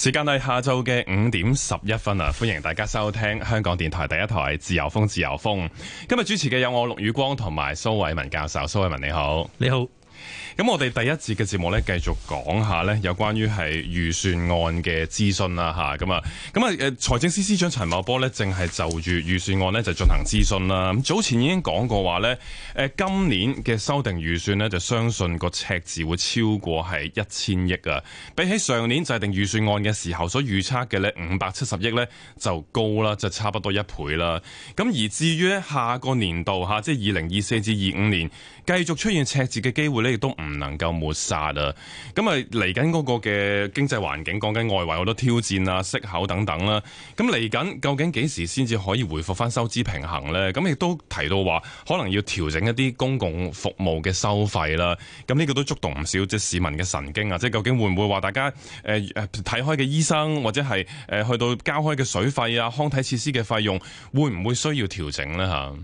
時間係下晝嘅五點十一分啊！歡迎大家收聽香港電台第一台自由風自由風。今日主持嘅有我陸宇光同埋蘇偉文教授。蘇偉文你好，你好。咁我哋第一節嘅節目咧，繼續講下咧，有關於係預算案嘅資訊啦，吓咁啊，咁啊，誒、啊，財、啊、政司司長陳茂波咧，正係就住預算案咧就進行諮詢啦。咁早前已經講過話咧，誒、啊，今年嘅修訂預算咧，就相信個赤字會超過係一千億啊，比起上年制定預算案嘅時候所預測嘅咧五百七十億咧就高啦，就差不多一倍啦。咁而至於下個年度吓、啊，即係二零二四至二五年，繼續出現赤字嘅機會咧亦都唔。唔能夠抹殺啊！咁啊，嚟緊嗰個嘅經濟環境，講緊外圍好多挑戰啊、息口等等啦、啊。咁嚟緊，究竟幾時先至可以回復翻收支平衡呢？咁亦都提到話，可能要調整一啲公共服務嘅收費啦、啊。咁、這、呢個都觸動唔少即市民嘅神經啊！即究竟會唔會話大家睇、呃、開嘅醫生，或者係、呃、去到交開嘅水費啊、康體設施嘅費用，會唔會需要調整呢？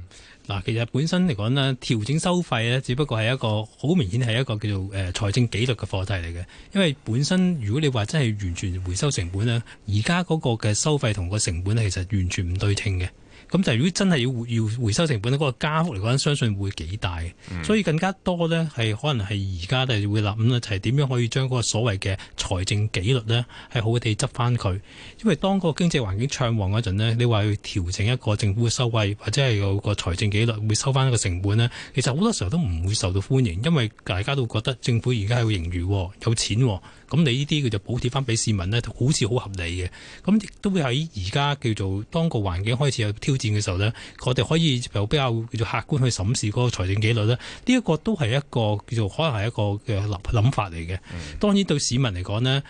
嗱，其實本身嚟講咧，調整收費咧，只不過係一個好明顯係一個叫做誒財政紀律嘅課題嚟嘅。因為本身如果你話真係完全回收成本咧，而家嗰個嘅收費同個成本咧，其實完全唔對稱嘅。咁就如果真係要回要回收成本呢、嗰個加幅嚟講，相信會幾大、嗯、所以更加多咧，係可能係而家咧會諗呢就係、是、點樣可以將個所謂嘅財政紀律咧係好地執翻佢。因為當個經濟環境暢旺嗰陣咧，你話去調整一個政府嘅收費或者係有個財政紀律會收翻一個成本咧，其實好多時候都唔會受到歡迎，因為大家都覺得政府而家係盈餘有錢。咁你呢啲叫做補貼翻俾市民呢，好似好合理嘅。咁亦都會喺而家叫做當個環境開始有挑戰嘅時候呢，我哋可以比較叫做客觀去審視嗰個財政紀律呢。呢一個都係一個叫做可能係一個嘅諗法嚟嘅、嗯。當然對市民嚟講呢，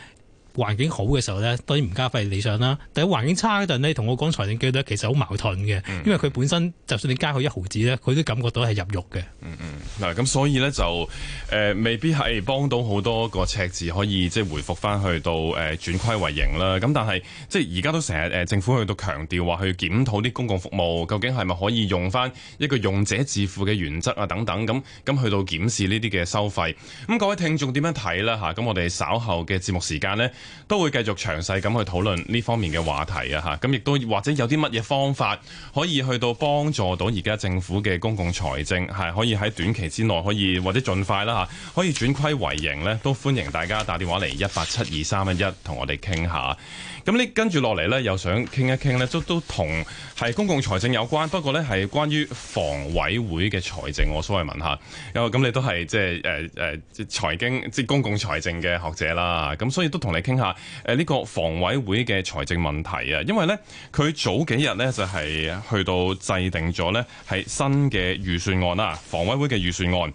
環境好嘅時候呢，當然唔加費理想啦。但係環境差嗰陣，你同我講財政紀律呢，其實好矛盾嘅，因為佢本身、嗯嗯、就算你加佢一毫子呢，佢都感覺到係入肉嘅。嗯嗯，嗱，咁所以呢，就、呃、誒，未必係幫到好多個赤字可以即係回覆翻去到誒、呃、轉虧為盈啦。咁但係即係而家都成日誒政府去到強調話去檢討啲公共服務究竟係咪可以用翻一個用者自付嘅原則啊等等咁咁去到檢視呢啲嘅收費。咁、嗯、各位聽眾點樣睇呢？嚇、啊？咁我哋稍後嘅節目時間呢。都會繼續詳細咁去討論呢方面嘅話題啊，吓，咁亦都或者有啲乜嘢方法可以去到幫助到而家政府嘅公共財政，係可以喺短期之內可以或者盡快啦吓，可以轉虧為盈呢，都歡迎大家打電話嚟一八七二三一一同我哋傾下。咁呢跟住落嚟呢，又想傾一傾呢，都都同係公共財政有關，不過呢係關於房委會嘅財政，我所謂問一下，因為咁你都係即係誒誒財經即公共財政嘅學者啦，咁所以都同你傾。吓，誒呢個房委會嘅財政問題啊，因為咧佢早幾日就係、是、去到制定咗咧係新嘅預算案啦，房委會嘅預算案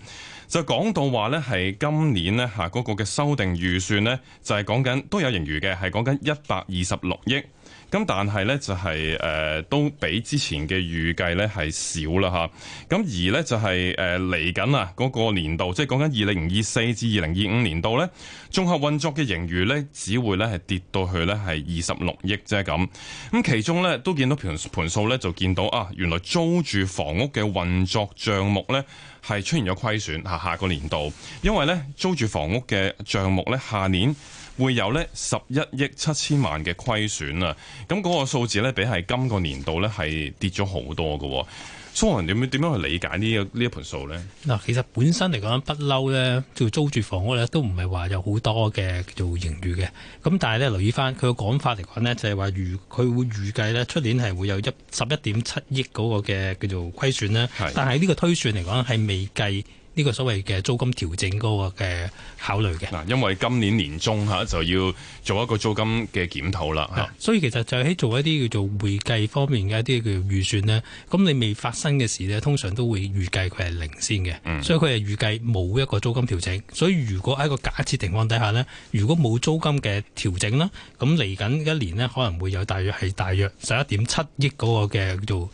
就講到話呢係今年咧吓嗰個嘅修訂預算呢就係講緊都有盈餘嘅，係講緊一百二十六億。咁但係呢，就係、是、誒、呃、都比之前嘅預計呢係少啦吓咁、啊、而呢，就係誒嚟緊啊嗰個年度，即係講緊二零二四至二零二五年度呢，綜合運作嘅盈餘呢，只會呢係跌到去呢係二十六億啫咁。咁、嗯、其中呢，都見到盤數數呢就見到啊，原來租住房屋嘅運作帳目呢係出現咗虧損吓下個年度，因為呢，租住房屋嘅帳目呢，下年，會有咧十一億七千萬嘅虧損啊！咁嗰個數字呢，比係今個年度呢，係跌咗好多嘅。蘇雲點樣點樣去理解呢一呢一盤數呢？嗱，其實本身嚟講不嬲呢，做租住房屋呢，都唔係話有好多嘅叫做盈餘嘅。咁但係呢，留意翻佢嘅講法嚟講呢，就係話預佢會預計呢，出年係會有一十一點七億嗰個嘅叫做虧損呢。但係呢個推算嚟講係未計。呢、這個所謂嘅租金調整嗰個嘅考慮嘅，嗱，因為今年年中嚇就要做一個租金嘅檢討啦，嚇、嗯，所以其實就喺做一啲叫做會計方面嘅一啲叫做預算呢。咁你未發生嘅事呢，通常都會預計佢係零先嘅、嗯，所以佢係預計冇一個租金調整。所以如果喺個假設情況底下呢，如果冇租金嘅調整啦，咁嚟緊一年呢可能會有大約係大約十一點七億嗰個嘅叫做。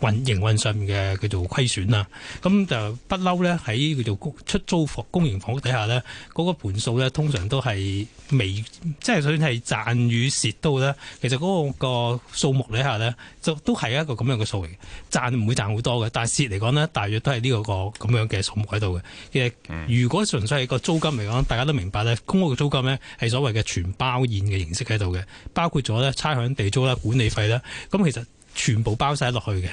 運營運上面嘅叫做虧損啦，咁就不嬲咧喺叫做出租房公營房屋底下咧，嗰個盤數咧通常都係微，即係就算係賺與蝕都咧，其實嗰個個數目底下咧，就都係一個咁樣嘅數嚟嘅。賺唔會賺好多嘅，但係蝕嚟講呢，大約都係呢個個咁樣嘅數目喺度嘅。其實如果純粹係個租金嚟講，大家都明白咧，公屋嘅租金咧係所謂嘅全包宴嘅形式喺度嘅，包括咗咧差餉地租啦、管理費啦，咁其實全部包晒落去嘅。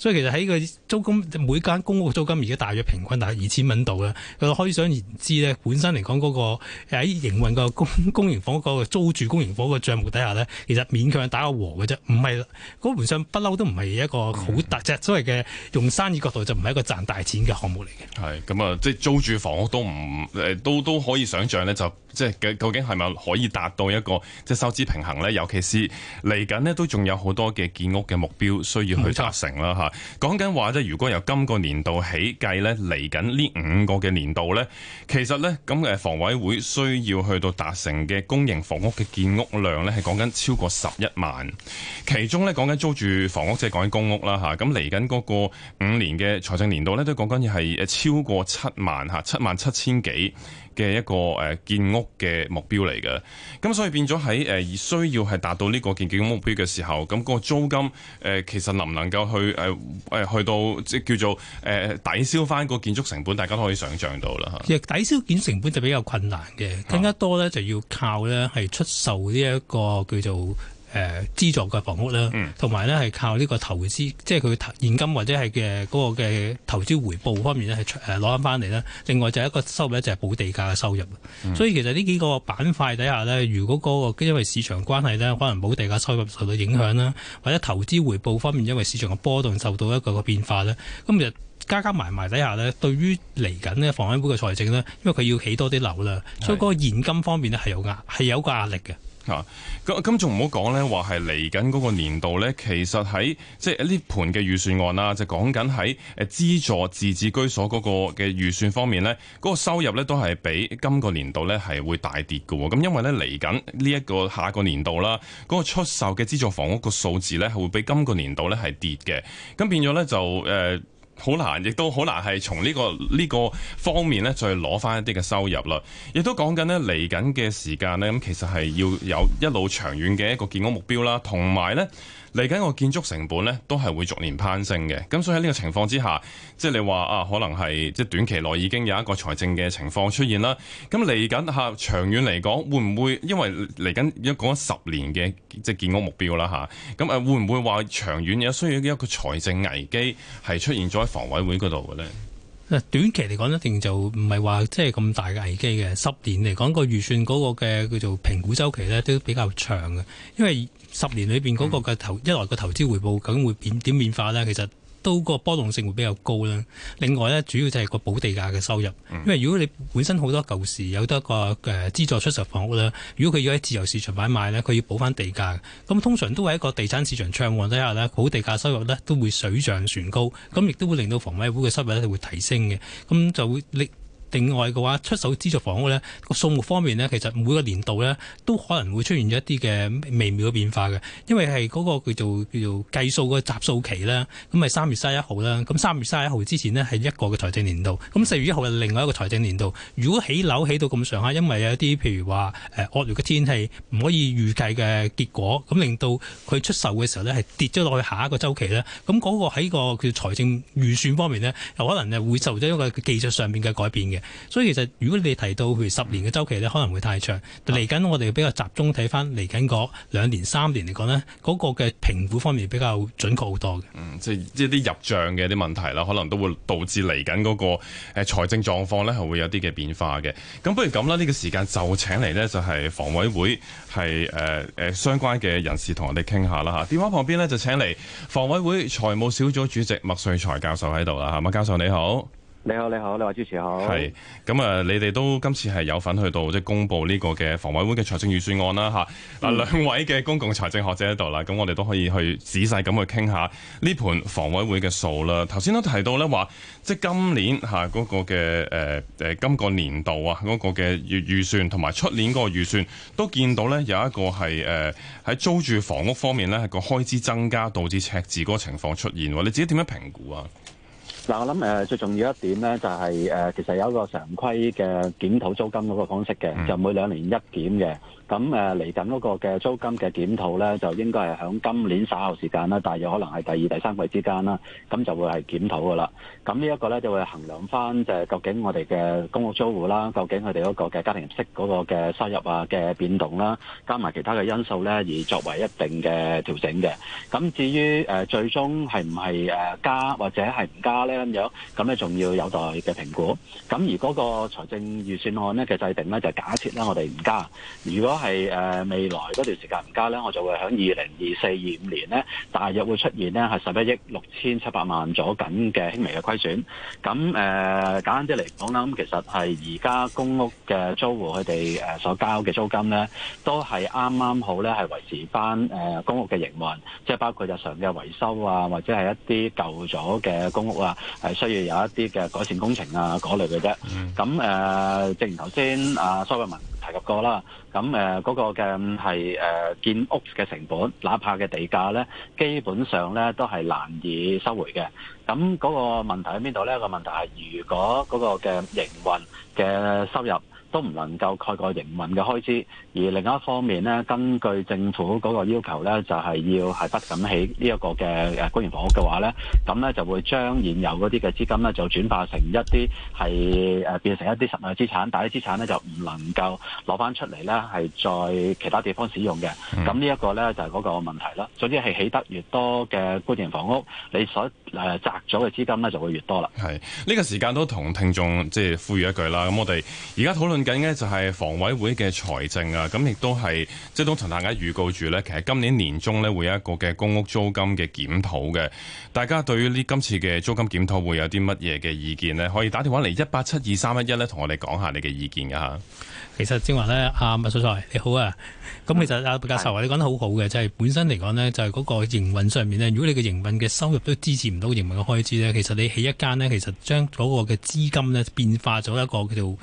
所以其實喺個租金，每間公屋租金而家大約平均大概二千蚊度啦。佢可以想而知咧，本身嚟講嗰個喺營運個公公營房嗰個租住公營房個帳目底下咧，其實勉強打下和打個和嘅啫，唔係根本上不嬲都唔係一個好大隻所謂嘅，用生意角度就唔係一個賺大錢嘅項目嚟嘅。係咁啊，即係租住房屋都唔誒、呃，都都可以想象咧，就即係究竟係咪可以達到一個即係收支平衡咧？尤其是嚟緊呢，都仲有好多嘅建屋嘅目標需要去達成啦嚇。講緊話如果由今個年度起計呢，嚟緊呢五個嘅年度呢，其實呢，咁房委會需要去到達成嘅公營房屋嘅建屋量呢，係講緊超過十一萬，其中呢，講緊租住房屋，即係講緊公屋啦吓，咁嚟緊嗰個五年嘅財政年度呢，都講緊係誒超過七萬吓，七萬七千幾。嘅一個建屋嘅目標嚟嘅，咁所以變咗喺而需要係達到呢個建建築目標嘅時候，咁、個租金、呃、其實能唔能夠去、呃、去到即叫做、呃、抵消翻個建築成本，大家都可以想象到啦。其實抵消建築成本就比較困難嘅，更加多咧就要靠咧係出售呢一個叫做。誒、呃、資助嘅房屋啦，同埋咧係靠呢個投資，即係佢現金或者係嘅嗰個嘅投資回報方面咧係攞翻翻嚟啦。另外就係一個收入咧就係補地價嘅收入、嗯。所以其實呢幾個板塊底下咧，如果嗰個因為市場關係咧，可能補地價收入受到影響啦、嗯，或者投資回報方面因為市場嘅波動受到一個個變化咧，咁其加加埋埋底下咧，對於嚟緊呢房委會嘅財政咧，因為佢要起多啲樓啦，所以嗰個現金方面咧係有壓係有個壓力嘅。咁咁仲唔好講咧？話係嚟緊嗰個年度咧，其實喺即係呢盤嘅預算案啦，就講緊喺誒資助自置居所嗰個嘅預算方面咧，嗰、那個收入咧都係比今個年度咧係會大跌喎。咁因為咧嚟緊呢一個下個年度啦，嗰、那個出售嘅資助房屋個數字咧係會比今個年度咧係跌嘅，咁變咗咧就誒。呃好難，亦都好難係從呢個呢個方面咧，再攞翻一啲嘅收入啦。亦都講緊呢，嚟緊嘅時間呢，咁其實係要有一路長遠嘅一個健康目標啦，同埋呢。嚟緊個建築成本咧，都係會逐年攀升嘅。咁所以喺呢個情況之下，即係你話啊，可能係即係短期內已經有一個財政嘅情況出現啦。咁嚟緊嚇長遠嚟講，會唔會因為嚟緊要講十年嘅即係建屋目標啦嚇？咁、啊、誒會唔會話長遠有需要一個財政危機係出現咗喺房委會嗰度嘅咧？短期嚟講，一定就唔係話即係咁大嘅危機嘅，十年嚟講，個預算嗰個嘅叫做評估週期呢，都比較長嘅，因為十年裏面嗰個嘅投、嗯、一來個投資回報究竟會變點變化呢？其實。都個波動性會比較高啦。另外呢，主要就係個補地價嘅收入，因為如果你本身好多舊時有得個誒資助出售房屋啦，如果佢要喺自由市場買賣呢，佢要補翻地價。咁通常都會喺一個地產市場暢旺底下呢，補地價收入呢都會水漲船高，咁亦都會令到房委會嘅收入呢會提升嘅。咁就會另外嘅話，出售資助房屋呢個數目方面呢，其實每個年度呢都可能會出現一啲嘅微妙嘅變化嘅，因為係嗰個叫做叫做計數個集數期啦，咁係三月三十一號啦，咁三月三十一號之前呢，係一個嘅財政年度，咁四月一號係另外一個財政年度。如果起樓起到咁上下，因為有啲譬如話誒、呃、惡劣嘅天氣唔可以預計嘅結果，咁令到佢出售嘅時候呢係跌咗落去下一個週期啦。咁嗰個喺個叫財政預算方面呢，有可能會受咗一個技術上面嘅改變嘅。所以其實如果你哋提到譬如十年嘅週期咧，可能會太長。嚟緊我哋比較集中睇翻嚟緊嗰兩年、三年嚟講呢嗰個嘅評估方面比較準確好多嘅。嗯，即係即係啲入賬嘅啲問題啦，可能都會導致嚟緊嗰個誒財政狀況咧，係會有啲嘅變化嘅。咁不如咁啦，呢、這個時間就請嚟呢，就係房委會係誒誒相關嘅人士同我哋傾下啦吓。電話旁邊呢，就請嚟房委會財務小組主席麥萃才教授喺度啦吓，麥教授你好。你好，你好，你好，主持好。係咁啊！你哋都今次係有份去到即係公布呢個嘅房委會嘅財政預算案啦，吓啊兩位嘅公共財政學者喺度啦，咁、嗯、我哋都可以去仔細咁去傾下呢盤房委會嘅數啦。頭先都提到咧話，即係今年吓嗰個嘅誒誒今個年度啊，嗰個嘅預預算同埋出年嗰個預算都見到咧有一個係誒喺租住房屋方面咧，係個開支增加導致赤字嗰個情況出現。你自己點樣評估啊？嗱，我諗誒最重要一點咧，就係誒，其實有一個常規嘅檢討租金嗰個方式嘅，就每兩年一檢嘅。咁誒嚟緊嗰個嘅租金嘅檢討咧，就應該係喺今年稍後時間啦，大約可能係第二、第三季之間啦，咁就會係檢討㗎喇。咁呢一個咧就會衡量翻誒究竟我哋嘅公屋租戶啦，究竟佢哋嗰個嘅家庭式嗰個嘅收入啊嘅變動啦，加埋其他嘅因素咧，而作為一定嘅調整嘅。咁至於誒最終係唔係誒加或者係唔加咧咁樣，咁咧仲要有待嘅評估。咁而嗰個財政預算案咧嘅制定咧，就假設啦，我哋唔加，如果係誒未來嗰段時間唔加咧，我就會喺二零二四二五年咧，大約會出現咧係十一億六千七百萬左右嘅輕微嘅虧損。咁誒、呃、簡單啲嚟講啦，咁其實係而家公屋嘅租戶佢哋誒所交嘅租金咧，都係啱啱好咧係維持翻誒、呃、公屋嘅營運，即係包括日常嘅維修啊，或者係一啲舊咗嘅公屋啊，係需要有一啲嘅改善工程啊嗰類嘅啫。咁誒、呃，正如頭先啊蘇偉文。呃所啦，咁誒嗰個嘅係誒建屋嘅成本，哪怕嘅地價咧，基本上咧都係難以收回嘅。咁、嗰、嗰個問題喺邊度咧？嗰個問題係如果嗰個嘅營運嘅收入都唔能夠蓋過營運嘅開支。而另一方面呢，根據政府嗰個要求咧，就係、是、要係不敢起呢一個嘅誒公營房屋嘅話咧，咁咧就會將現有嗰啲嘅資金咧，就轉化成一啲係誒變成一啲實物資產，但係啲資產咧就唔能夠攞返出嚟咧，係在其他地方使用嘅。咁呢一個咧就係嗰個問題啦。總之係起得越多嘅公營房屋，你所誒擲咗嘅資金咧就會越多啦。係呢、這個時間都同聽眾即係呼籲一句啦。咁我哋而家討論緊咧就係房委會嘅財政啊。咁亦都係，即係都同大家預告住呢。其實今年年中呢，會有一個嘅公屋租金嘅檢討嘅。大家對於呢今次嘅租金檢討，會有啲乜嘢嘅意見呢？可以打電話嚟一八七二三一一同我哋講下你嘅意見㗎。其實正話呢，阿、啊、麥萃才你好啊。咁其實阿教授話你講得好好嘅，就係、是、本身嚟講呢，就係、是、嗰個營運上面呢。如果你嘅營運嘅收入都支持唔到營運嘅開支呢，其實你起一間呢，其實將嗰個嘅資金呢變化咗一個叫做。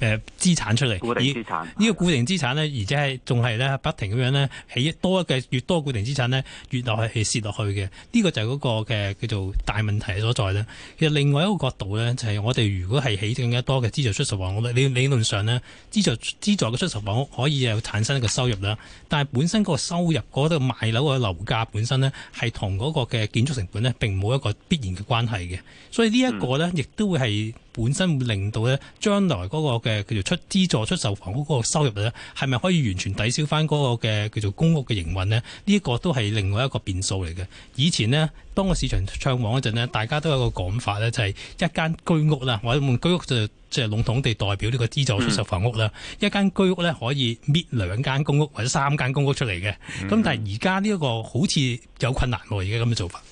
誒資產出嚟，固定資產呢個固定資產呢，而且係仲係咧不停咁樣呢，起多嘅越多固定資產呢，越落去係蝕落去嘅。呢、呢個就係嗰個嘅叫做大問題所在啦。其實另外一個角度呢，就係、係、我哋如果係起更加多嘅資助出售房屋，我理論論上呢，資助資助嘅出售房屋可以有產生一個收入啦。但係本身嗰個收入嗰度賣樓嘅樓價本身呢，係同嗰個嘅建築成本呢並冇一個必然嘅關係嘅。所以呢一個呢，亦都會係。本身會令到咧，將來嗰個嘅叫做出資助出售房屋嗰個收入咧，係咪可以完全抵消翻嗰個嘅叫做公屋嘅營運呢？呢、呢個都係另外一個變數嚟嘅。以前呢，當個市場暢旺嗰陣呢，大家都有一個講法咧，就係一間居屋啦，或者居屋就即係籠統地代表呢個資助出售房屋啦，嗯。一間居屋咧可以搣兩間公屋或者三間公屋出嚟嘅。咁，嗯、但係而家呢一個好似有困難喎，啊，而家咁嘅做法。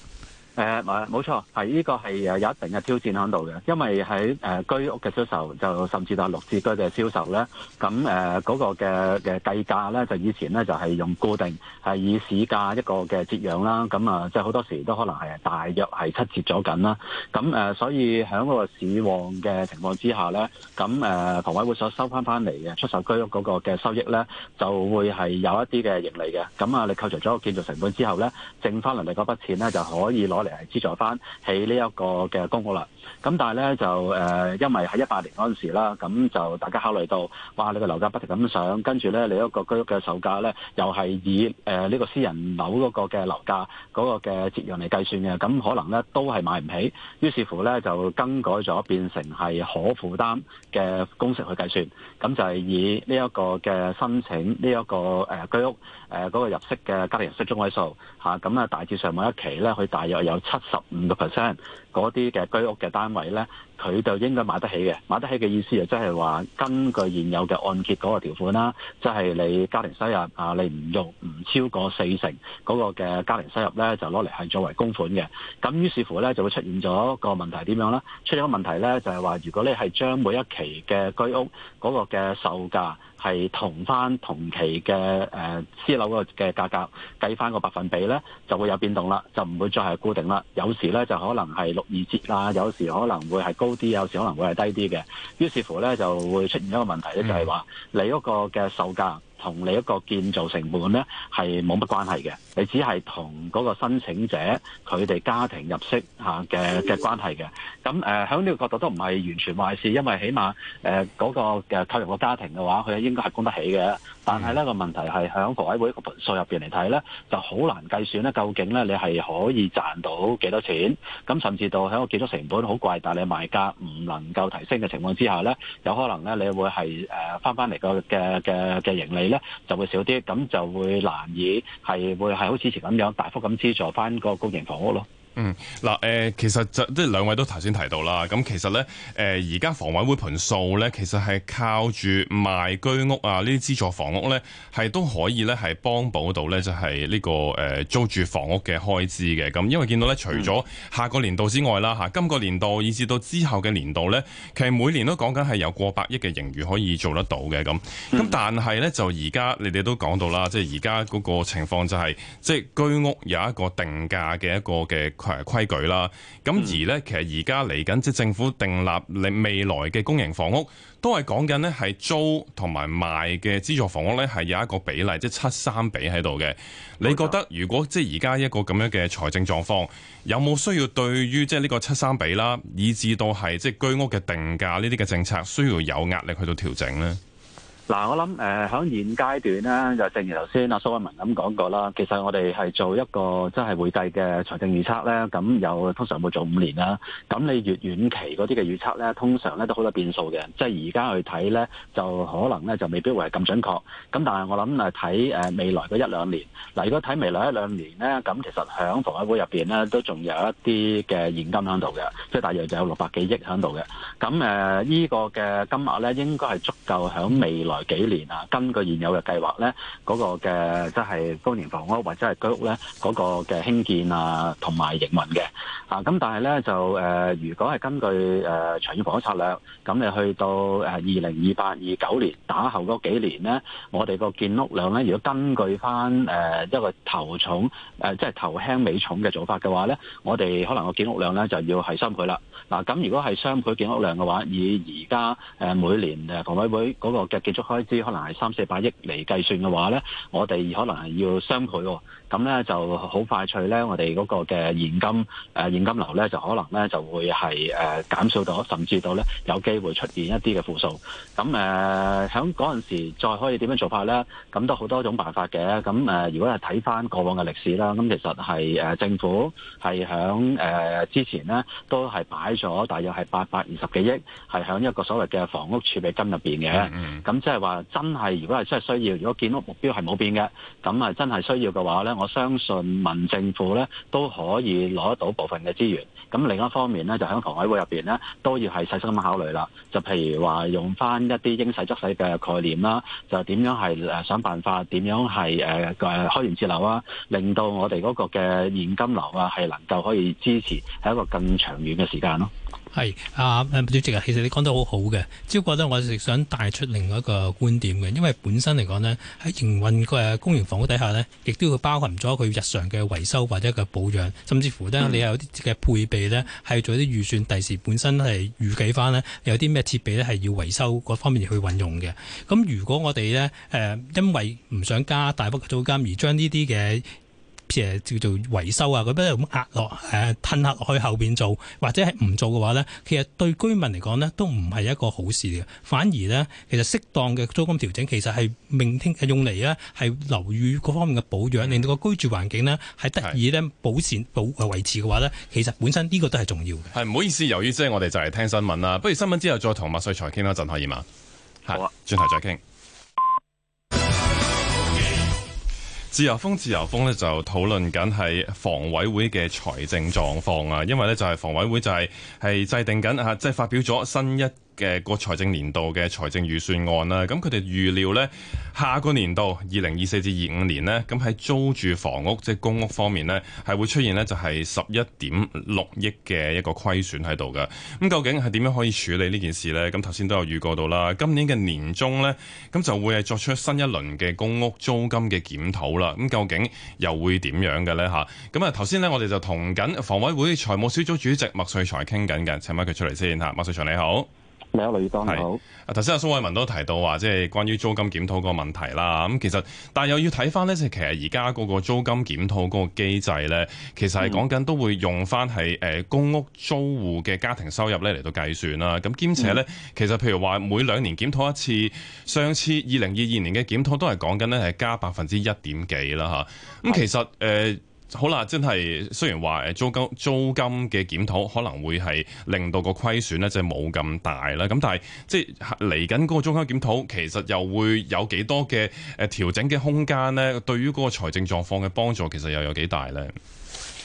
誒、嗯、冇錯，係呢個係有一定嘅挑戰響度嘅，因為喺誒居屋嘅銷售就甚至到六字居嘅銷售咧，咁誒嗰個嘅嘅計價咧就以前咧就係用固定係以市價一個嘅折讓啦，咁啊即係好多時都可能係大約係七折咗緊啦，咁誒所以喺個市旺嘅情況之下咧，咁誒房委會所收翻翻嚟嘅出售居屋嗰個嘅收益咧，就會係有一啲嘅盈利嘅，咁啊你扣除咗個建造成本之後咧，剩翻嚟嘅嗰筆錢咧就可以攞。嚟係資助翻喺呢一個嘅公屋啦。咁但係咧就誒、呃，因為喺一八年嗰陣時啦，咁就大家考慮到，哇，你個樓價不停咁上，跟住咧你一個居屋嘅售價咧，又係以誒呢、呃這個私人樓嗰個嘅樓價嗰個嘅折讓嚟計算嘅，咁可能咧都係買唔起，於是乎咧就更改咗，變成係可負擔嘅公式去計算，咁就係以呢一個嘅申請呢一、這個、呃、居屋誒嗰、呃那個入息嘅家庭入息中位數吓，咁啊，大致上每一期咧，佢大約有七十五個 percent 嗰啲嘅居屋嘅單單位呢。佢就應該買得起嘅。買得起嘅意思就即係話根據現有嘅按揭嗰個條款啦，即係你家庭收入啊，你唔用唔超過四成嗰個嘅家庭收入咧，就攞嚟係作為供款嘅。咁於是乎咧，就會出現咗個問題，點樣啦？出現個問題咧，就係話如果你係將每一期嘅居屋嗰個嘅售價係同翻同期嘅誒私樓嗰個嘅價格計翻個百分比咧，就會有變動啦，就唔會再係固定啦。有時咧就可能係六二折啦，有時可能會係高。高啲，有時可能會係低啲嘅。於是乎咧就會出現一個問題咧，就係話你嗰個嘅售價同你一個建造成本咧係冇乜關係嘅，你只係同嗰個申請者佢哋家庭入息嚇嘅嘅關係嘅。咁誒喺呢個角度都唔係完全壞事，因為起碼誒嗰個嘅購入個家庭嘅話，佢應該係供得起嘅。但係呢個問題係喺房委會個數入邊嚟睇呢，就好難計算呢，究竟呢你係可以賺到幾多錢？咁甚至到喺個建築成本好貴，但係你賣價唔能夠提升嘅情況之下呢，有可能呢你會係誒翻翻嚟個嘅嘅嘅盈利呢就會少啲，咁就會難以係會係好似以前咁樣大幅咁資助翻個公營房屋咯。嗯，嗱，誒，其實就即係兩位都頭先提到啦，咁其實咧，誒，而家房委會盤數咧，其實係靠住賣居屋啊，呢啲資助房屋咧，係都可以咧，係幫補到咧，就係呢個誒租住房屋嘅開支嘅。咁因為見到咧，除咗下個年度之外啦，吓，今個年度以至到之後嘅年度咧，其實每年都講緊係有過百億嘅盈餘可以做得到嘅。咁，咁但係咧，就而家你哋都講到啦，即係而家嗰個情況就係，即係居屋有一個定價嘅一個嘅。佢規矩啦，咁而呢，其實而家嚟緊即政府訂立你未來嘅公營房屋，都係講緊呢係租同埋賣嘅資助房屋呢係有一個比例，即係七三比喺度嘅。你覺得如果即係而家一個咁樣嘅財政狀況，有冇需要對於即係呢個七三比啦，以至到係即係居屋嘅定價呢啲嘅政策，需要有壓力去到調整呢？嗱，我諗誒喺現階段咧，就正如頭先阿蘇偉文咁講過啦，其實我哋係做一個即係會計嘅財政預測咧，咁有通常會做五年啦。咁你越遠期嗰啲嘅預測咧，通常咧都好多變數嘅，即係而家去睇咧，就可能咧就未必會係咁準確。咁但係我諗誒睇未來嗰一兩年，嗱、呃、如果睇未來一兩年咧，咁其實喺房委會入面咧都仲有一啲嘅現金喺度嘅，即係大約就有六百幾億喺度嘅。咁、呃、呢個嘅金額咧，應該係足夠喺未來。幾年啊？根據現有嘅計劃咧，嗰、那個嘅即係公營房屋或者係居屋咧，嗰、那個嘅興建啊同埋營運嘅啊，咁但係咧就誒、呃，如果係根據誒長遠房屋策略，咁你去到誒二零二八二九年打後嗰幾年咧，我哋個建屋量咧，如果根據翻誒一個頭重誒、呃、即係頭輕尾重嘅做法嘅話咧，我哋可能個建屋量咧就要係三倍啦。嗱，咁如果係雙倍建屋量嘅話，以而家誒每年誒房委會嗰個嘅建築開支可能係三四百億嚟計算嘅話呢，我哋可能係要雙倍喎，咁呢就好快脆呢，我哋嗰個嘅現金誒現金流呢，就可能呢就會係減少咗，甚至到呢有機會出現一啲嘅負數。咁誒，響嗰陣時再可以點樣做法呢？咁都好多種辦法嘅。咁誒，如果係睇翻過往嘅歷史啦，咁其實係政府係響誒之前呢都係擺咗大約係八百二十幾億係響一個所謂嘅房屋儲備金入面嘅，咁即係話真係，如果係真係需要，如果建屋目標係冇變嘅，咁啊真係需要嘅話呢，我相信民政府呢都可以攞得到部分嘅資源。咁另一方面呢，就喺房委會入邊呢都要係細心咁考慮啦。就譬如話用翻一啲應使則使嘅概念啦，就點樣係誒想辦法，點樣係誒誒開源節流啊，令到我哋嗰個嘅現金流啊係能夠可以支持喺一個更長遠嘅時間咯。係啊，主席啊，其實你講得好好嘅，只不過呢，我係想帶出另外一個觀點嘅，因為本身嚟講呢，喺營運公營房屋底下呢，亦都會包含咗佢日常嘅維修或者個保養，甚至乎呢，你有啲嘅配備呢，係做啲預算，第時本身係預計翻呢，有啲咩設備呢係要維修嗰方面去運用嘅。咁如果我哋呢，誒，因為唔想加大筆租金，而將呢啲嘅。叫做維修啊，咁樣咁壓落誒，褪、呃、下落去後邊做，或者係唔做嘅話咧，其實對居民嚟講呢，都唔係一個好事嘅。反而呢，其實適當嘅租金調整，其實係明用嚟咧係樓宇各方面嘅保養，嗯，令到個居住環境呢，係得以呢，保善保維持嘅話呢，其實本身呢個都係重要嘅。係唔好意思，由於即係我哋就嚟聽新聞啦，不如新聞之後再同麥萃才傾一陣可以嗎？好，啊，轉頭再傾。自由風自由風呢就討論緊係房委會嘅財政狀況啊，因為呢就係房委會就係制定緊嚇，即係發表咗新一嘅個財政年度嘅財政預算案啦，咁佢哋預料呢，下個年度二零二四至二五年呢，咁喺租住房屋即係公屋方面呢，係會出現呢，就係十一點六億嘅一個虧損喺度嘅。咁究竟係點樣可以處理呢件事呢？咁頭先都有預告到啦。今年嘅年中呢，咁就會係作出新一輪嘅公屋租金嘅檢討啦。咁究竟又會點樣嘅呢？吓，咁啊！頭先呢，我哋就同緊房委會財務小組主席麥萃才傾緊嘅，請翻佢出嚟先嚇。麥萃才你好。係啊。啊，頭先阿蘇偉文都提到話，即係關於租金檢討個問題啦。咁其實，但係又要睇翻咧，即係其實而家嗰個租金檢討個機制咧，其實係講緊都會用翻係誒公屋租戶嘅家庭收入咧嚟到計算啦。咁兼且咧，其實譬如話每兩年檢討一次，上次二零二二年嘅檢討都係講緊咧係加百分之一點幾啦。吓，咁其實誒。啊呃好啦，真係雖然話租金租金嘅檢討可能會係令到個虧損咧，就冇咁大啦。咁但係即係嚟緊嗰個租金檢討，其實又會有幾多嘅誒調整嘅空間咧？對於嗰個財政狀況嘅幫助，其實又有幾大咧？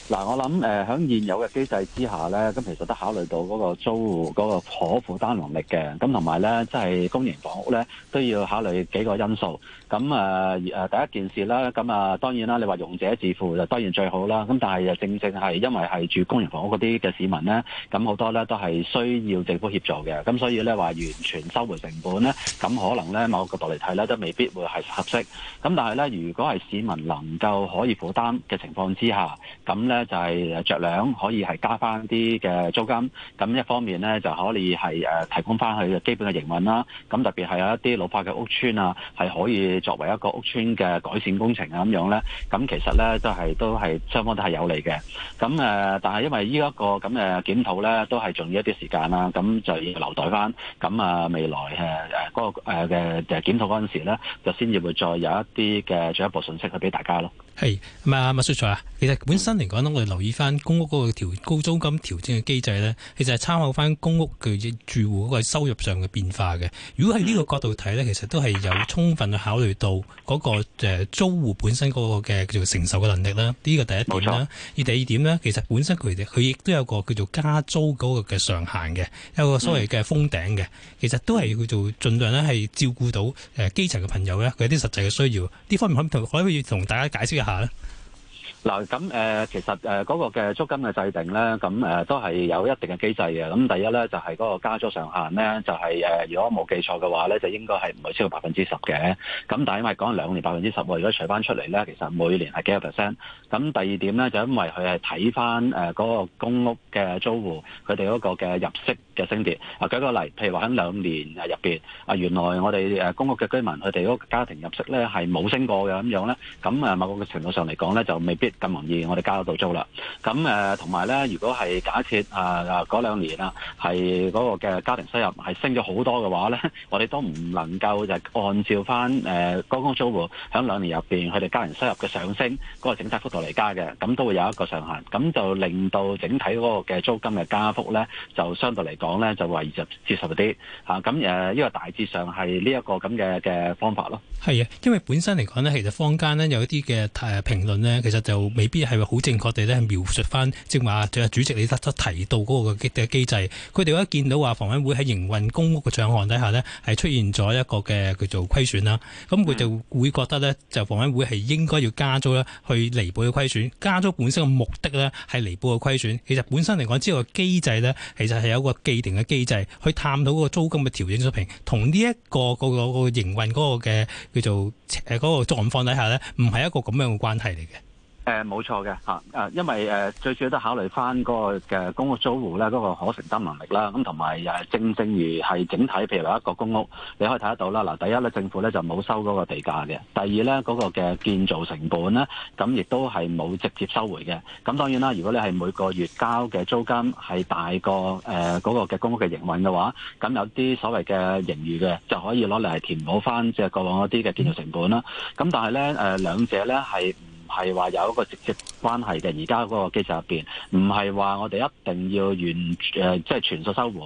嗱，我諗誒喺現有嘅機制之下咧，咁其實都考慮到嗰個租戶嗰個可負擔能力嘅，咁同埋咧，即係公營房屋咧都要考慮幾個因素。咁誒誒第一件事啦，咁啊當然啦，你話用者自負就當然最好啦。咁但係又正正係因為係住公營房屋嗰啲嘅市民咧，咁好多咧都係需要政府協助嘅。咁所以咧話完全收回成本咧，咁可能咧某個角度嚟睇咧都未必會係合適。咁但係咧，如果係市民能夠可以負擔嘅情況之下，咁咧。咧就係酌量可以係加翻啲嘅租金，咁一方面咧就可以係誒提供翻佢嘅基本嘅營運啦。咁特別係有一啲老化嘅屋邨啊，係可以作為一個屋邨嘅改善工程啊咁樣咧。咁其實咧都係都係雙方都係有利嘅。咁誒，但係因為依一個咁嘅檢討咧，都係仲要一啲時間啦。咁就要留待翻。咁啊，未來誒誒嗰個誒嘅誒檢討嗰陣時咧，就先至會再有一啲嘅進一步信息，去俾大家咯。係，唔係啊，麥萃才啊，其實本身嚟講咧，我哋留意翻公屋嗰個調高租金調整嘅機制呢，其實係參考翻公屋嘅住戶嗰個收入上嘅變化嘅。如果喺呢個角度睇呢，其實都係有充分考慮到嗰個租戶本身嗰個嘅叫做承受嘅能力啦。呢個第一點啦。而第二點呢，其實本身佢哋佢亦都有一個叫做加租嗰個嘅上限嘅，有一個所謂嘅封頂嘅，嗯。其實都係叫做盡量呢係照顧到誒基層嘅朋友呢，佢啲實際嘅需要。呢方面可唔可以同大家解釋下？嗱咁誒，其實誒嗰，呃那個嘅租金嘅制定咧，咁，呃、誒都係有一定嘅機制嘅。咁第一咧就係，是，嗰個加租上限咧，就係，是，誒、呃、如果我冇記錯嘅話咧，就應該係唔會超過百分之十嘅。咁但係因為講兩年百分之十喎，如果除翻出嚟咧，其實每年係幾多 percent？咁第二點咧就因為佢係睇翻誒嗰個公屋嘅租戶佢哋嗰個嘅入息嘅升跌啊，舉一個例，譬如話喺兩年入邊啊，原來我哋誒公屋嘅居民佢哋嗰個家庭入息咧係冇升過嘅咁樣咧，咁誒某個程度上嚟講咧就未必咁容易我哋交得到租啦。咁誒同埋咧，如果係假設啊嗰兩年啊係嗰個嘅家庭收入係升咗好多嘅話咧，我哋都唔能夠就按照翻誒公屋租戶喺兩年入邊佢哋家庭收入嘅上升嗰、那個整體幅度嚟加嘅，咁都會有一個上限，咁就令到整體嗰個嘅租金嘅加幅咧就相對嚟講。講咧就話二十接受啲吓，咁誒，呢個大致上係呢一個咁嘅嘅方法咯。係啊，因為本身嚟講呢，其實坊間呢有一啲嘅評論呢，其實就未必係好正確地咧描述翻正話，主席你得得提到嗰個嘅機制。佢哋一見到話房委會喺營運公屋嘅賬項底下呢係出現咗一個嘅叫做虧損啦，咁佢就會覺得呢就房委會係應該要加租咧去彌補嘅虧損。加租本身嘅目的呢係彌補嘅虧損。其實本身嚟講，呢個機制呢其實係有個擬定嘅機制去探討個租金嘅調整水平，同呢一個個個營運嗰個嘅叫做誒嗰個狀況底下咧，唔係一個咁樣嘅關係嚟嘅。誒冇錯嘅嚇，因為誒最主要都考慮翻嗰個嘅公屋租戶咧，嗰個可承擔能力啦，咁同埋誒正正如係整體，譬如話一個公屋，你可以睇得到啦。嗱，第一咧，政府咧就冇收嗰個地價嘅，第二咧，嗰個嘅建造成本咧，咁亦都係冇直接收回嘅。咁當然啦，如果你係每個月交嘅租金係大過誒嗰個嘅公屋嘅營運嘅話，咁有啲所謂嘅盈餘嘅就可以攞嚟填補翻即係過往嗰啲嘅建造成本啦。咁但係咧，誒兩者咧係。唔係話有一個直接關係嘅，而家嗰個機制入邊，唔係話我哋一定要完誒，即、呃、係、就是、全數收回。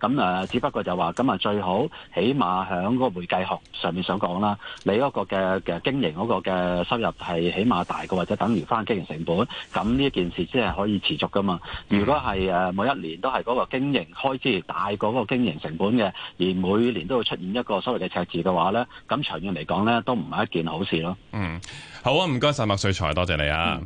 咁誒、呃，只不過就話咁啊，最好起碼喺嗰個會計學上面想講啦。你嗰個嘅嘅經營嗰個嘅收入係起碼大過或者等於翻經營成本，咁呢一件事先係可以持續噶嘛。如果係誒、呃、每一年都係嗰個經營開支大過嗰個經營成本嘅，而每年都會出現一個所謂嘅赤字嘅話咧，咁長遠嚟講咧都唔係一件好事咯。嗯。好啊，唔該晒。麥萃才，多謝你啊！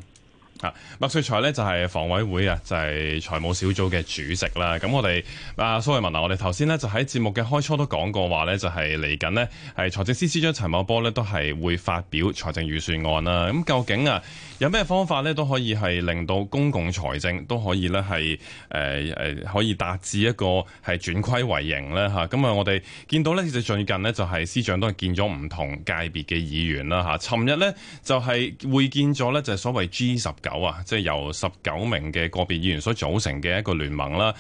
啊、嗯，麥萃才呢，就係房委會啊，就係、是、財務小組嘅主席啦。咁我哋啊蘇慧文啊，我哋頭先呢，就喺節目嘅開初都講過話呢，就係嚟緊呢，係財政司司長陳茂波呢，都係會發表財政預算案啦。咁究竟啊，有咩方法咧都可以係令到公共財政都可以咧係誒誒可以達至一個係轉虧為盈咧吓咁啊！我哋見到咧，就最近呢就係司長都係見咗唔同界別嘅議員啦吓，尋日咧就係會見咗咧就係所謂 G 十九啊，即係由十九名嘅個別議員所組成嘅一個聯盟啦，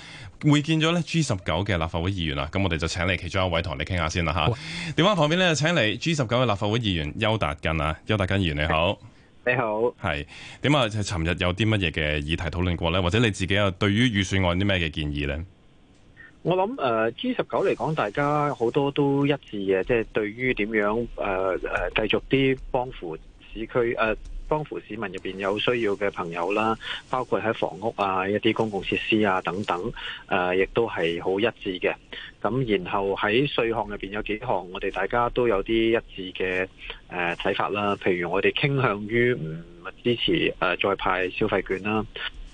會見咗咧 G 十九嘅立法會議員啊，咁我哋就請嚟其中一位同你傾下先啦吓。電話旁邊咧請嚟 G 十九嘅立法會議員邱達根啊，邱達根議員你好。你好，係點啊？就尋日有啲乜嘢嘅議題討論過呢？或者你自己啊，對於預算案啲咩嘅建議呢？我諗誒，G 十九嚟講，大家好多都一致嘅，即係對於點樣誒誒，繼續啲幫扶市區誒。呃幫扶市民入邊有需要嘅朋友啦，包括喺房屋啊、一啲公共設施啊等等，誒，亦都係好一致嘅。咁然後喺稅項入邊有幾項我哋大家都有啲一,一致嘅誒睇法啦。譬如我哋傾向於唔支持誒再派消費券啦。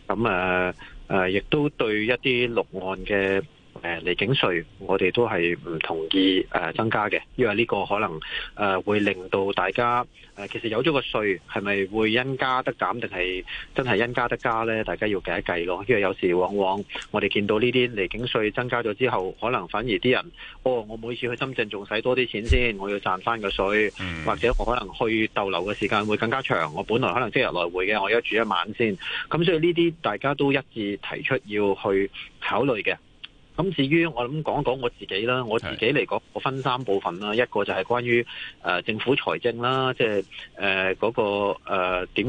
咁誒，誒，亦都對一啲六案嘅。誒，離境稅我哋都係唔同意誒增加嘅，因為呢個可能誒會令到大家誒，其實有咗個稅係咪會因加得減，定係真係因加得加呢？大家要計一計咯。因為有時往往我哋見到呢啲離境稅增加咗之後，可能反而啲人，哦，我每次去深圳仲使多啲錢先，我要賺翻個稅，或者我可能去逗留嘅時間會更加長。我本來可能即日來回嘅，我而家住一晚先。咁所以呢啲大家都一致提出要去考慮嘅。咁至於我諗講講講我自己啦，我自己嚟講，我分三部分啦，一個就係關於誒、呃、政府財政啦，即係誒嗰個誒點、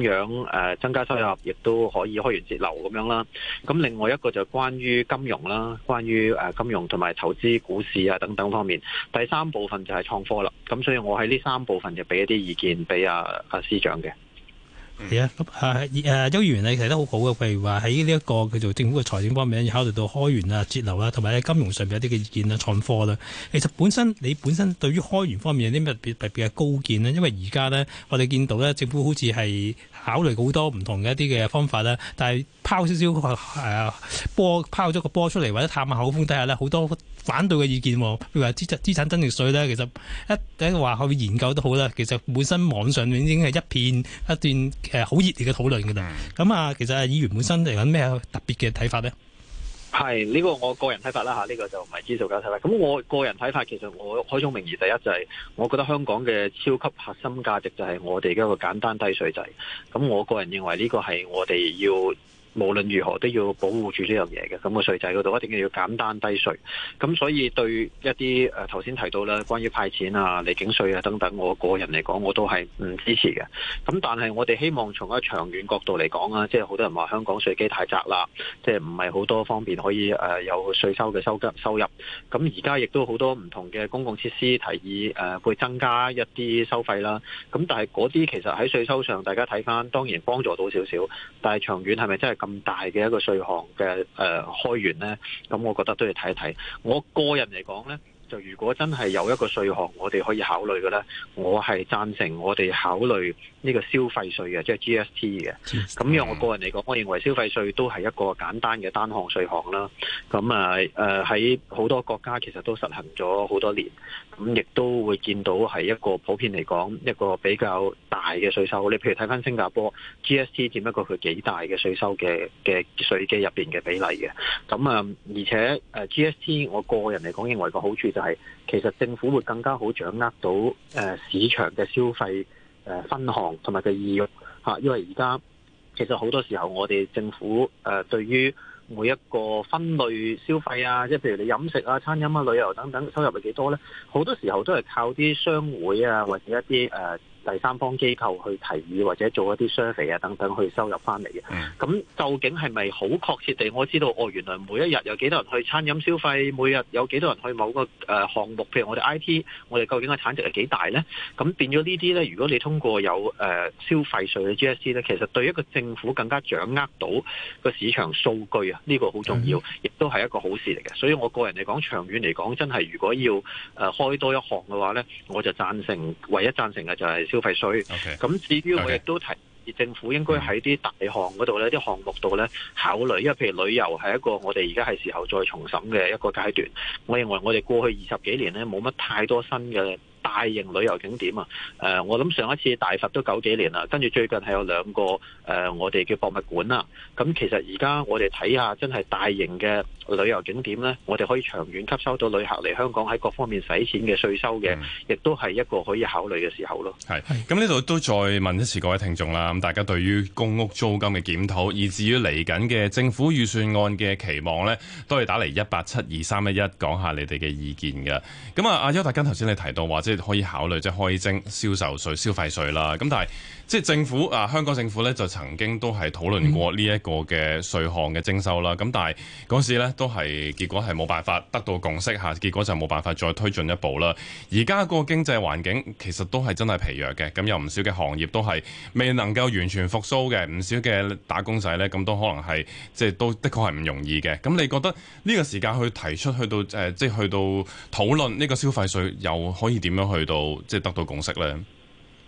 呃、樣增加收入，亦都可以開源節流咁樣啦。咁另外一個就關於金融啦，關於、呃、金融同埋投資股市啊等等方面。第三部分就係創科啦。咁所以我喺呢三部分就俾一啲意見俾啊阿司、啊、長嘅。係、yeah. 啊、uh, uh,，咁啊，誒邱議員你提得好好嘅，譬如話喺呢一個叫做政府嘅財政方面，考慮到開源啊、節流啦，同埋喺金融上面一啲嘅意見啦、創科啦。其實本身你本身對於開源方面有啲咩特別特別嘅高見咧？因為而家呢，我哋見到咧，政府好似係考慮好多唔同嘅一啲嘅方法咧，但係拋少少誒波拋咗個波出嚟，或者探下口風底下呢，好多。反對嘅意見，譬如話資產資產增值稅咧，其實一第一個話去研究都好啦。其實本身網上面已經係一片一段誒好熱烈嘅討論嘅啦。咁、嗯、啊，其實啊，議員本身嚟緊咩特別嘅睇法咧？係呢、呢個我個人睇法啦嚇，呢、呢個就唔係 G19 嘅睇法。咁我個人睇法其實我開宗明義第一就係、係，我覺得香港嘅超級核心價值就係我哋嘅一個簡單低稅制。咁我個人認為呢個係我哋要。無論如何都要保護住呢樣嘢嘅，咁、個稅制嗰度一定要簡單低稅。咁所以對一啲誒，頭先提到啦關於派錢啊、離境稅啊等等，我個人嚟講我都係唔支持嘅。咁但係我哋希望從一個長遠角度嚟講啊，即係好多人話香港稅基太窄啦，即係唔係好多方面可以誒，有稅收嘅收收入。咁而家亦都好多唔同嘅公共設施提議誒、啊、會增加一啲收費啦。咁但係嗰啲其實喺稅收上，大家睇翻當然幫助到少少，但係長遠係咪真係？咁大嘅一個稅項嘅誒開源咧，咁我覺得都要睇一睇。我個人嚟講咧，就如果真係有一個稅項，我哋可以考慮嘅咧，我係贊成我哋考慮。呢、這個消費稅嘅，即、就、係、是、GST 嘅。咁樣，我個人嚟講，我認為消費稅都係一個簡單嘅單項稅項啦。咁啊，誒喺好多國家其實都實行咗好多年，咁亦都會見到係一個普遍嚟講一個比較大嘅稅收。你譬如睇返新加坡 GST 佔一個佢幾大嘅稅收嘅嘅稅基入面嘅比例嘅。咁啊，而且 GST 我個人嚟講認為個好處就係、是、其實政府會更加好掌握到、呃、市場嘅消費。誒分行同埋嘅意欲吓，因為而家其實好多時候，我哋政府誒對於每一個分類消費啊，即譬如你飲食啊、餐飲啊、旅遊等等，收入係幾多咧？好多時候都係靠啲商會啊，或者一啲誒。第三方機構去提議或者做一啲 survey 啊等等去收入翻嚟嘅，咁究竟係咪好確切地我知道？哦，原來每一日有幾多人去餐飲消費，每日有幾多人去某個誒、呃、項目，譬如我哋 I.T.，我哋究竟嘅產值係幾大呢？咁變咗呢啲呢，如果你通過有誒、呃、消費稅嘅 GSC 呢，其實對一個政府更加掌握到個市場數據啊，呢、這個好重要，亦都係一個好事嚟嘅。所以我個人嚟講，長遠嚟講，真係如果要誒、呃、開多一項嘅話呢，我就贊成，唯一贊成嘅就係、是。消費稅，咁、okay. okay. 至於我亦都提，政府應該喺啲大項嗰度呢啲項目度咧考慮，因為譬如旅遊係一個我哋而家係時候再重審嘅一個階段。我認為我哋過去二十幾年呢，冇乜太多新嘅大型旅遊景點啊。誒、呃，我諗上一次大佛都九幾年啦，跟住最近係有兩個誒、呃，我哋嘅博物館啦。咁其實而家我哋睇下，真係大型嘅。旅遊景點呢，我哋可以長遠吸收到旅客嚟香港喺各方面使錢嘅稅收嘅，亦都係一個可以考慮嘅時候咯。係，咁呢度都再問一次各位聽眾啦。咁大家對於公屋租金嘅檢討，以至於嚟緊嘅政府預算案嘅期望呢，都係打嚟一八七二三一一講下你哋嘅意見嘅。咁啊，阿邱達根頭先你提到話，即係可以考慮即係開徵銷,銷售稅、消費稅啦。咁但係即係政府啊，香港政府呢，就曾經都係討論過呢一個嘅稅項嘅徵收啦。咁、嗯、但係嗰時呢。都係結果係冇辦法得到共識吓，結果就冇辦法再推進一步啦。而家個經濟環境其實都係真係疲弱嘅，咁有唔少嘅行業都係未能夠完全復甦嘅，唔少嘅打工仔呢，咁都可能係即係都的確係唔容易嘅。咁你覺得呢個時間去提出去到誒，即係去到討論呢個消費稅，又可以點樣去到即係得到共識呢？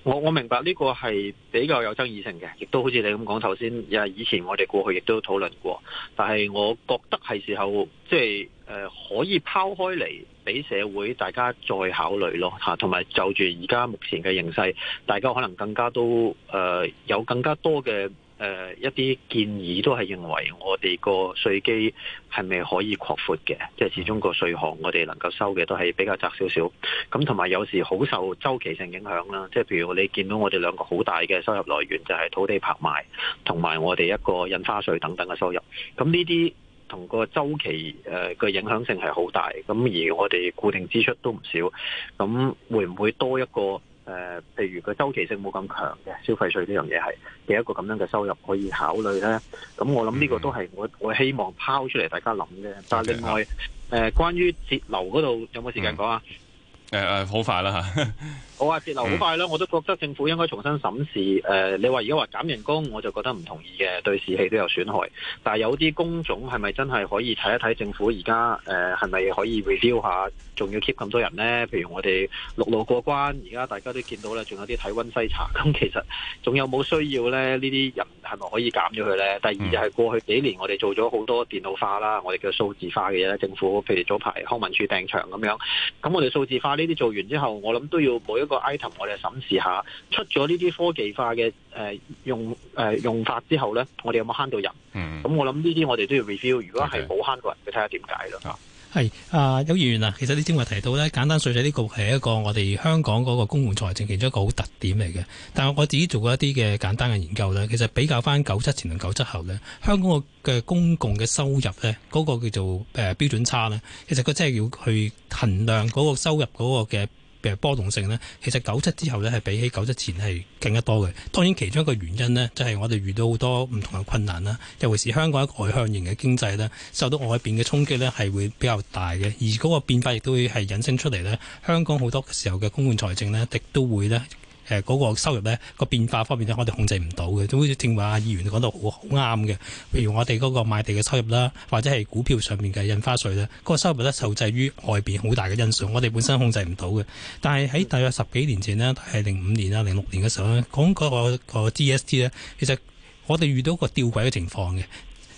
我我明白呢個係比較有爭議性嘅，亦都好似你咁講頭先，又係以前我哋過去亦都討論過。但係我覺得係時候，即係誒，可以拋開嚟俾社會大家再考慮咯，吓，同埋就住而家目前嘅形勢，大家可能更加都誒有更加多嘅。誒一啲建議都係認為我哋個稅基係咪可以擴闊嘅？即係始終個稅項我哋能夠收嘅都係比較窄少少。咁同埋有時好受周期性影響啦。即係譬如你見到我哋兩個好大嘅收入來源就係土地拍賣同埋我哋一個印花稅等等嘅收入。咁呢啲同個周期嘅影響性係好大。咁而我哋固定支出都唔少。咁會唔會多一個？誒、呃，譬如佢周期性冇咁強嘅消費稅呢樣嘢係，嘅一個咁樣嘅收入可以考慮咧。咁我諗呢個都係我我希望拋出嚟大家諗嘅。但係另外誒、okay. 呃，關於節流嗰度有冇時間講啊？誒、嗯、誒，好、呃、快啦吓。 好啊，節流好快啦，我都覺得政府應該重新審視誒、呃，你話而家話減人工，我就覺得唔同意嘅，對士氣都有損害。但係有啲工種係咪真係可以睇一睇政府而家誒係咪可以 review 一下，仲要 keep 咁多人呢？譬如我哋陸路過關，而家大家都見到咧，仲有啲體温篩查，咁其實仲有冇需要呢？呢啲人係咪可以減咗佢呢？第二就係過去幾年我哋做咗好多電腦化啦，我哋叫數字化嘅嘢，政府譬如早排康文署訂場咁樣，咁我哋數字化呢啲做完之後，我諗都要每一那個 item 我哋審視下，出咗呢啲科技化嘅誒、呃、用誒、呃、用法之後呢，我哋有冇慳到人？咁、嗯嗯、我諗呢啲我哋都要 review。如果係冇慳到人，你睇下點解咯？係、okay. 啊、okay. 呃，有議員啊，其實你正話提到呢，簡單稅制呢個係一個我哋香港嗰個公共財政其中一個好特點嚟嘅。但係我自己做過一啲嘅簡單嘅研究呢，其實比較返九七前同九七後呢，香港嘅公共嘅收入呢，嗰、那個叫做誒、呃、標準差呢，其實佢真係要去衡量嗰個收入嗰個嘅。波動性呢，其實九七之後呢，係比起九七前係更加多嘅。當然其中一個原因呢，就係我哋遇到好多唔同嘅困難啦。尤其是香港一個外向型嘅經濟呢，受到外邊嘅衝擊呢，係會比較大嘅。而嗰個變化亦都會係引申出嚟呢，香港好多時候嘅公共財政呢，亦都會呢。誒、那、嗰個收入呢個變化方面呢，我哋控制唔到嘅。總之正話阿議員講到好好啱嘅，譬如我哋嗰個買地嘅收入啦，或者係股票上面嘅印花稅咧，嗰、那個收入咧受制於外邊好大嘅因素，我哋本身控制唔到嘅。但係喺大約十幾年前呢，係零五年啊零六年嘅時候呢，講、那、嗰、個那個 GST 呢，其實我哋遇到個吊詭嘅情況嘅。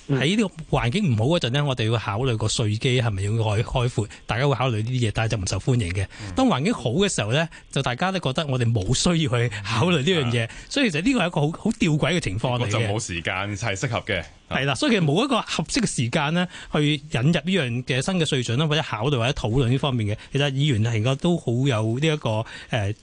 喺呢個環境唔好嗰陣咧，我哋會考慮個稅基係咪要去開闊，大家會考慮呢啲嘢，但係就唔受歡迎嘅、嗯。當環境好嘅時候呢，就大家都覺得我哋冇需要去考慮呢樣嘢，所以其實呢個係一個好好吊詭嘅情況嚟嘅。我就冇時間係適合嘅，係、嗯、啦，所以其實冇一個合適嘅時間呢，去引入呢樣嘅新嘅稅準啦，或者考慮或者討論呢方面嘅。其實議員係、應該都好有呢一個誒。呃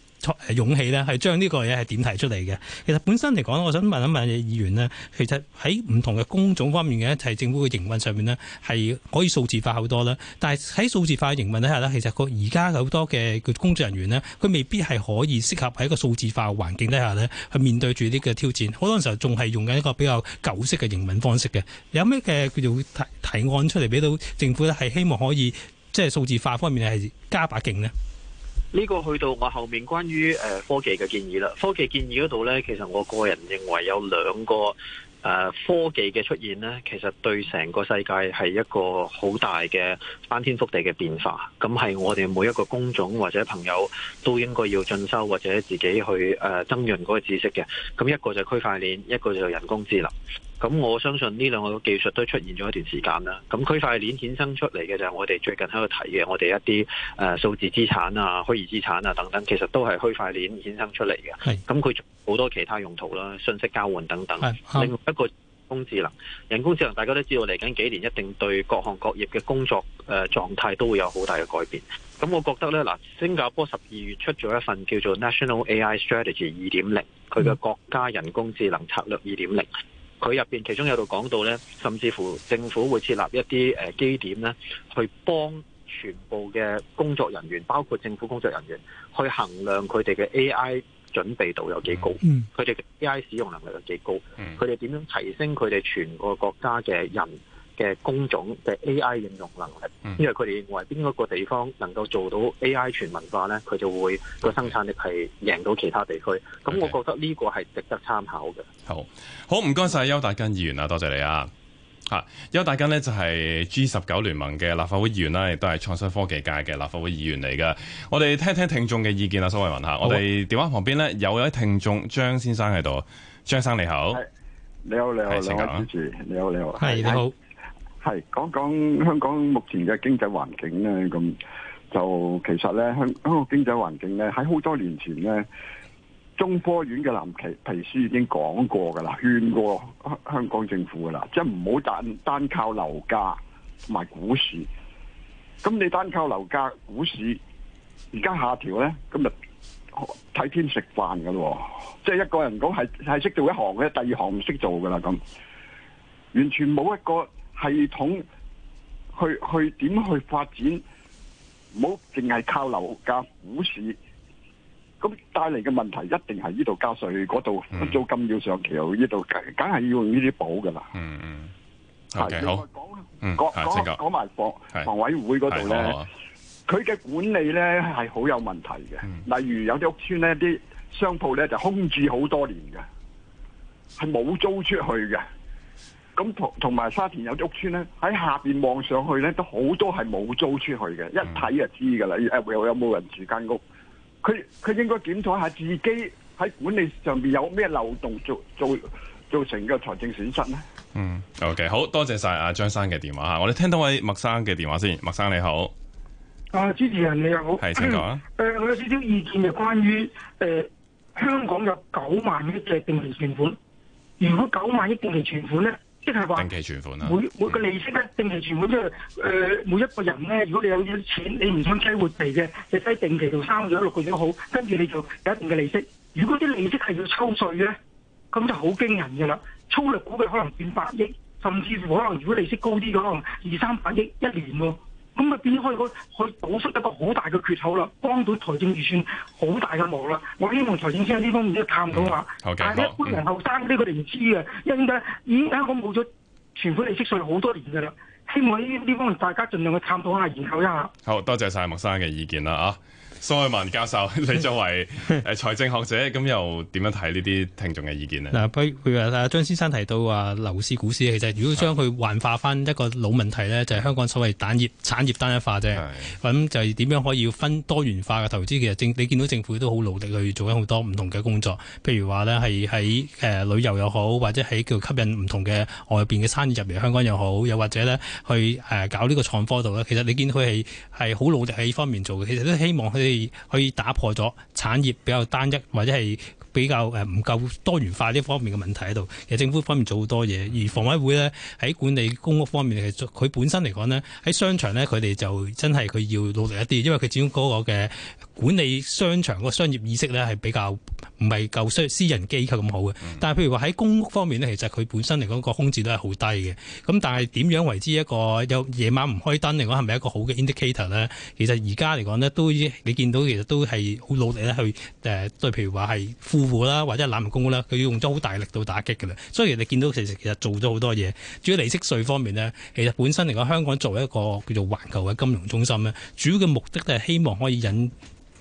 勇氣呢係將呢個嘢係點提出嚟嘅？其實本身嚟講，我想問一問嘅議員呢，其實喺唔同嘅工種方面嘅就係政府嘅營運上面呢，係可以數字化好多啦。但係喺數字化營運底下呢，其實個而家好多嘅工作人員呢，佢未必係可以適合喺一個數字化環境底下呢去面對住呢個挑戰。好多時候仲係用緊一個比較舊式嘅營運方式嘅。有咩嘅叫做提提案出嚟俾到政府呢？係希望可以即係、就是、數字化方面係加把勁呢。呢、這個去到我後面關於誒科技嘅建議啦，科技建議嗰度咧，其實我個人認為有兩個誒科技嘅出現咧，其實對成個世界係一個好大嘅翻天覆地嘅變化，咁係我哋每一個工種或者朋友都應該要進修或者自己去誒增潤嗰個知識嘅。咁一個就係區塊鏈，一個就係人工智能。咁我相信呢兩個技術都出現咗一段時間啦。咁區塊鏈衍生出嚟嘅就係我哋最近喺度提嘅，我哋一啲誒、呃、數字資產啊、虛擬資產啊等等，其實都係區塊鏈衍生出嚟嘅。咁佢好多其他用途啦，信息交換等等。另外一個人工智能，人工智能大家都知道嚟緊幾年一定對各行各業嘅工作誒、呃、狀態都會有好大嘅改變。咁我覺得呢，嗱，新加坡十二月出咗一份叫做 National AI Strategy 二點零，佢嘅國家人工智能策略二點零。佢入邊其中有度講到咧，甚至乎政府會設立一啲誒基點咧，去幫全部嘅工作人員，包括政府工作人員，去衡量佢哋嘅 AI 準備度有幾高，佢哋嘅 AI 使用能力有幾高，佢哋點樣提升佢哋全個國家嘅人。嘅工種嘅、就是、AI 應用能力，嗯、因為佢哋認為邊一個地方能夠做到 AI 全文化咧，佢就會個生產力係贏到其他地區。咁、okay. 我覺得呢個係值得參考嘅。好，好唔該晒邱達根議員啊，多謝你啊。嚇、啊，邱達根呢就係 G 十九聯盟嘅立法會議員啦，亦都係創新科技界嘅立法會議員嚟㗎。我哋聽聽聽眾嘅意見啊，蘇慧文嚇，我哋電話旁邊呢，有一位聽眾張先生喺度，張生你好，你好，你好你好，你好你好你好。你好。係講講香港目前嘅經濟環境咧，咁就其實咧香香港經濟環境咧喺好多年前咧，中科院嘅藍皮書已經講過噶啦，勸過香港政府噶啦，即係唔好單單靠樓價同埋股市。咁你單靠樓價、股市，而家下調咧，咁就睇天食飯噶咯，即係一個人講係係識做一行嘅，第二行唔識做噶啦，咁完全冇一個。系統去去點去，去發展，唔好淨係靠樓價、股市，咁帶嚟嘅問題一定係呢度交稅，嗰度租金上要上橋，呢度梗係要用呢啲補噶啦。嗯嗯，係好，講講講埋房房委會嗰度咧，佢嘅管理咧係好有問題嘅。例如有啲屋村咧，啲商鋪咧就空置好多年嘅，係冇租出去嘅。咁同同埋沙田有啲屋村咧，喺下邊望上去咧，都好多係冇租出去嘅，一睇就知噶啦。有冇人住間屋？佢佢應該檢討下自己喺管理上邊有咩漏洞做，做做造成嘅財政損失咧。嗯，OK，好多謝晒阿張生嘅電話吓，我哋聽到位麥生嘅電話麥先，麥生你好。啊，主持人你好。係請講。誒、呃，我有少少意見，就關於誒、呃、香港有九萬億嘅定期存款，如果九萬億定期存款咧？即係話定期存款啦，每每個利息咧，定期存款即、啊、係每，每、就是呃、每一個人咧，如果你有啲錢，你唔想擠活期嘅，你擠定期做三個月、六個月都好，跟住你就有一定嘅利息。如果啲利息係要抽稅咧，咁就好驚人㗎啦！粗略估計可能變百億，甚至乎可能如果利息高啲，可能二三百億一年喎。咁咪變開個，去補出一個好大嘅缺口啦，幫到財政預算好大嘅忙啦。我希望財政司喺呢方面都探討下，嗯、okay，但係一般人後生佢哋唔知嘅，因為點解？咦，因為我冇咗存款利息稅好多年嘅啦。希望喺呢方面大家盡量去探討下，研究一下。好多謝晒麥生嘅意見啦啊！蘇偉文教授，你作為誒財政學者，咁 又點樣睇呢啲聽眾嘅意見呢？嗱，譬如啊，張先生提到話樓市、股市，其實如果將佢幻化翻一個老問題呢，就係、是、香港所謂產業產業單一化啫。咁就點樣可以要分多元化嘅投資？其實政你見到政府都好努力去做緊好多唔同嘅工作，譬如話呢係喺誒旅遊又好，或者喺叫吸引唔同嘅外邊嘅生意入嚟香港又好，又或者呢去誒搞呢個創科度呢。其實你見佢係係好努力喺呢方面做嘅，其實都希望佢。可以打破咗產業比較單一，或者係比較誒唔夠多元化呢方面嘅問題喺度。其實政府方面做好多嘢，而房委會呢喺管理公屋方面，係佢本身嚟講呢，喺商場呢，佢哋就真係佢要努力一啲，因為佢始終嗰個嘅管理商場個商業意識呢係比較。唔係舊式，私人機構咁好嘅。但係譬如話喺公屋方面呢，其實佢本身嚟講個空置都係好低嘅。咁但係點樣為之一個有夜晚唔開燈嚟講係咪一個好嘅 indicator 呢？其實而家嚟講呢，都你見到其實都係好努力去對譬、呃、如話係富戶啦，或者係濫用公屋啦，佢要用咗好大力度打擊㗎啦。所以你見見到其實其實做咗好多嘢。至於利息稅方面呢，其實本身嚟講香港作為一個叫做環球嘅金融中心呢，主要嘅目的咧係希望可以引。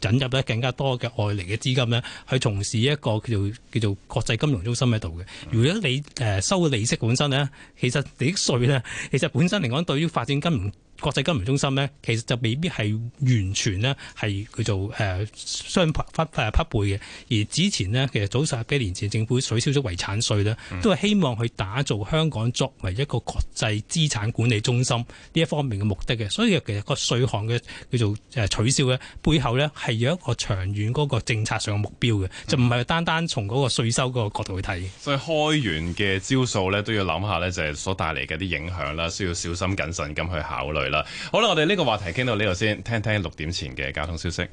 引入咧更加多嘅外嚟嘅資金咧，去從事一個叫做叫做國際金融中心喺度嘅。如果你誒收嘅利息本身咧，其實啲稅咧，其實本身嚟講對於發展金融。國際金融中心呢，其實就未必係完全呢，係叫做誒雙匹背匹配嘅。而之前呢，其實早十幾年前，政府取消咗遺產稅呢，都係希望去打造香港作為一個國際資產管理中心呢一方面嘅目的嘅。所以其實個稅項嘅叫做誒取消咧，背後呢係有一個長遠嗰個政策上嘅目標嘅，就唔係單單從嗰個稅收嗰個角度去睇。所以開源嘅招數呢，都要諗下呢，就係所帶嚟嘅啲影響啦，需要小心謹慎咁去考慮。好啦，我哋呢個話題傾到呢度先，聽聽六點前嘅交通消息。